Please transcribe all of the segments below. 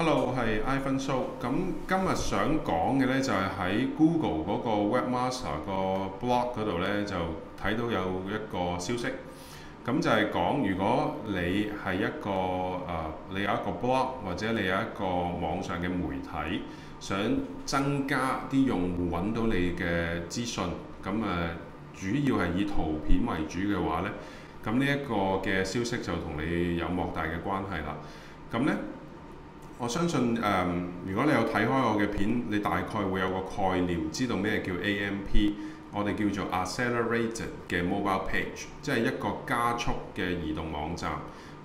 Hello，我係 iPhone Show。咁今日想講嘅呢就係喺 Google 嗰個 Webmaster 個 blog 嗰度呢，就睇到有一個消息。咁就係講如果你係一個誒，你有一個 blog 或者你有一個網上嘅媒體，想增加啲用戶揾到你嘅資訊，咁誒主要係以圖片為主嘅話呢，咁呢一個嘅消息就同你有莫大嘅關係啦。咁呢。我相信誒、嗯，如果你有睇開我嘅片，你大概會有個概念，知道咩叫 AMP。我哋叫做 Accelerated 嘅 Mobile Page，即係一個加速嘅移動網站。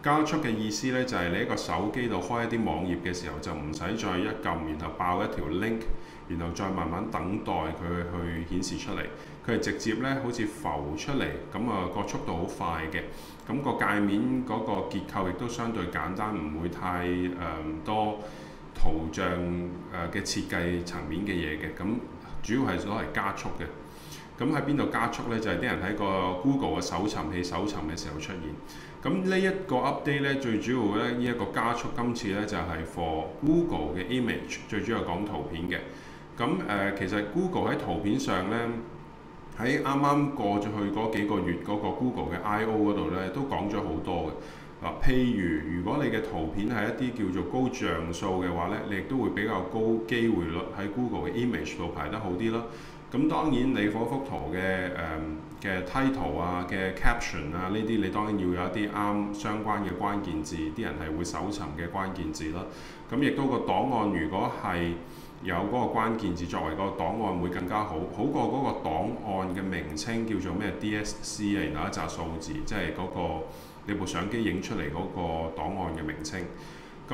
加速嘅意思呢，就係、是、你喺個手機度開一啲網頁嘅時候，就唔使再一撳，然後爆一條 link，然後再慢慢等待佢去顯示出嚟。佢係直接呢，好似浮出嚟，咁啊個速度好快嘅。咁、這個界面嗰個結構亦都相對簡單，唔會太誒、呃、多圖像誒嘅設計層面嘅嘢嘅。咁主要係所謂加速嘅。咁喺邊度加速呢？就係啲人喺個 Google 嘅搜尋器搜尋嘅時候出現。咁呢一個 update 呢，最主要呢，呢一個加速今次呢，就係 for Google 嘅 image，最主要講圖片嘅。咁誒，其實 Google 喺圖片上呢，喺啱啱過咗去嗰幾個月嗰個 Google 嘅 I/O 嗰度呢，都講咗好多嘅。譬如如果你嘅圖片係一啲叫做高像素嘅話呢，你亦都會比較高機會率喺 Google 嘅 image 度排得好啲咯。咁、嗯、當然你嗰幅圖嘅誒嘅、呃、title 啊，嘅 caption 啊，呢啲你當然要有一啲啱相關嘅關鍵字，啲人係會搜尋嘅關鍵字啦。咁、嗯、亦都個檔案如果係有嗰個關鍵字作為個檔案，會更加好，好過嗰個檔案嘅名稱叫做咩 DSC 啊，然後一紮數字，即係嗰、那個你部相機影出嚟嗰個檔案嘅名稱。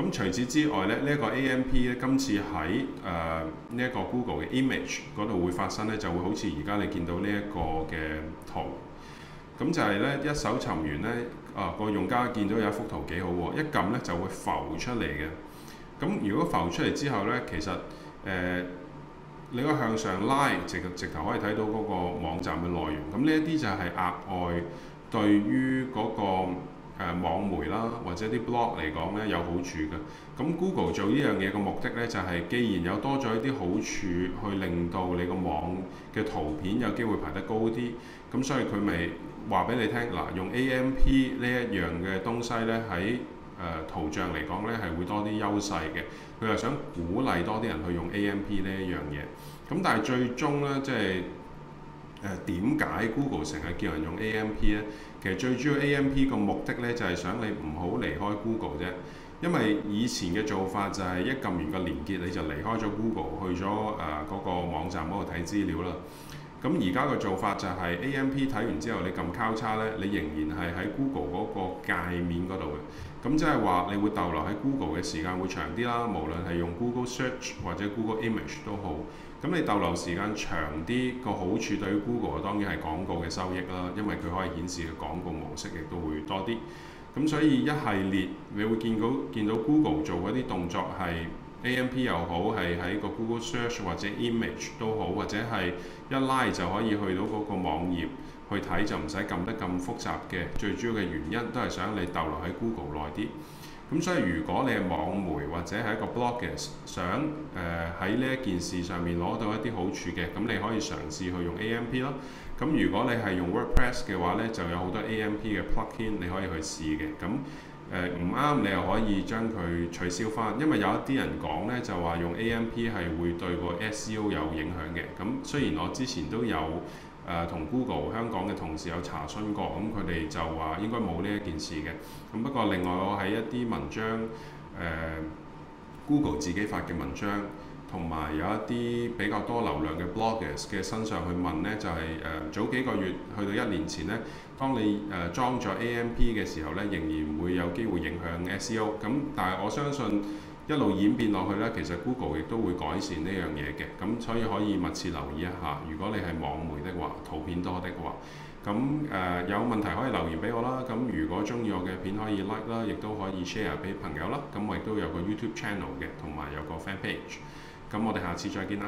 咁除此之外咧，這個、呢一個 AMP 咧，今次喺誒呢一個 Google 嘅 Image 嗰度會發生咧，就會好似而家你見到呢一個嘅圖，咁就係咧一手尋完咧，啊、這個用家見到有一幅圖幾好喎，一撳咧就會浮出嚟嘅。咁如果浮出嚟之後咧，其實誒、呃、你可以向上拉，直直頭可以睇到嗰個網站嘅內容。咁呢一啲就係額外對於嗰、那個。誒、啊、網媒啦，或者啲 blog 嚟講呢，有好處嘅。咁 Google 做呢樣嘢嘅目的呢，就係、是、既然有多咗一啲好處，去令到你個網嘅圖片有機會排得高啲。咁所以佢咪話俾你聽，嗱、啊，用 AMP 呢一樣嘅東西呢，喺誒、呃、圖像嚟講呢，係會多啲優勢嘅。佢又想鼓勵多啲人去用 AMP 呢一樣嘢。咁但係最終呢，即係。誒，點解 Google 成日叫人用 AMP 呢？其實最主要 AMP 個目的呢，就係想你唔好離開 Google 啫。因為以前嘅做法就係一撳完個連結，你就離開咗 Google，去咗誒嗰個網站嗰度睇資料啦。咁而家嘅做法就係 AMP 睇完之後，你撳交叉呢，你仍然係喺 Google 嗰個界面嗰度嘅。咁即係話你會逗留喺 Google 嘅時間會長啲啦。無論係用 Google Search 或者 Google Image 都好。咁你逗留時間長啲，個好處對於 Google 啊，當然係廣告嘅收益啦，因為佢可以顯示嘅廣告模式亦都會多啲。咁所以一系列你會見到見到 Google 做嗰啲動作係 AMP 又好，係喺個 Google Search 或者 Image 都好，或者係一拉就可以去到嗰個網頁去睇，就唔使撳得咁複雜嘅。最主要嘅原因都係想你逗留喺 Google 耐啲。咁所以如果你係網媒或者係一個 bloggers 想誒喺呢一件事上面攞到一啲好處嘅，咁你可以嘗試去用 AMP 咯。咁如果你係用 WordPress 嘅話呢，就有好多 AMP 嘅 plugin 你可以去試嘅。咁誒唔啱你又可以將佢取消返，因為有一啲人講呢，就話用 AMP 係會對個 SEO 有影響嘅。咁雖然我之前都有。誒同 Google 香港嘅同事有查詢過，咁佢哋就話應該冇呢一件事嘅。咁不過另外我喺一啲文章、呃、Google 自己發嘅文章，同埋有一啲比較多流量嘅 bloggers 嘅身上去問呢，就係、是呃、早幾個月去到一年前呢，當你誒、呃、裝咗 AMP 嘅時候呢，仍然會有機會影響 SEO。咁但係我相信。一路演變落去咧，其實 Google 亦都會改善呢樣嘢嘅，咁所以可以密切留意一下。如果你係網媒的話，圖片多的話，咁誒、呃、有問題可以留言俾我啦。咁如果鍾意我嘅片可以 like 啦，亦都可以 share 俾朋友啦。咁我亦都有個 YouTube channel 嘅，同埋有個 fan page。咁我哋下次再見啦。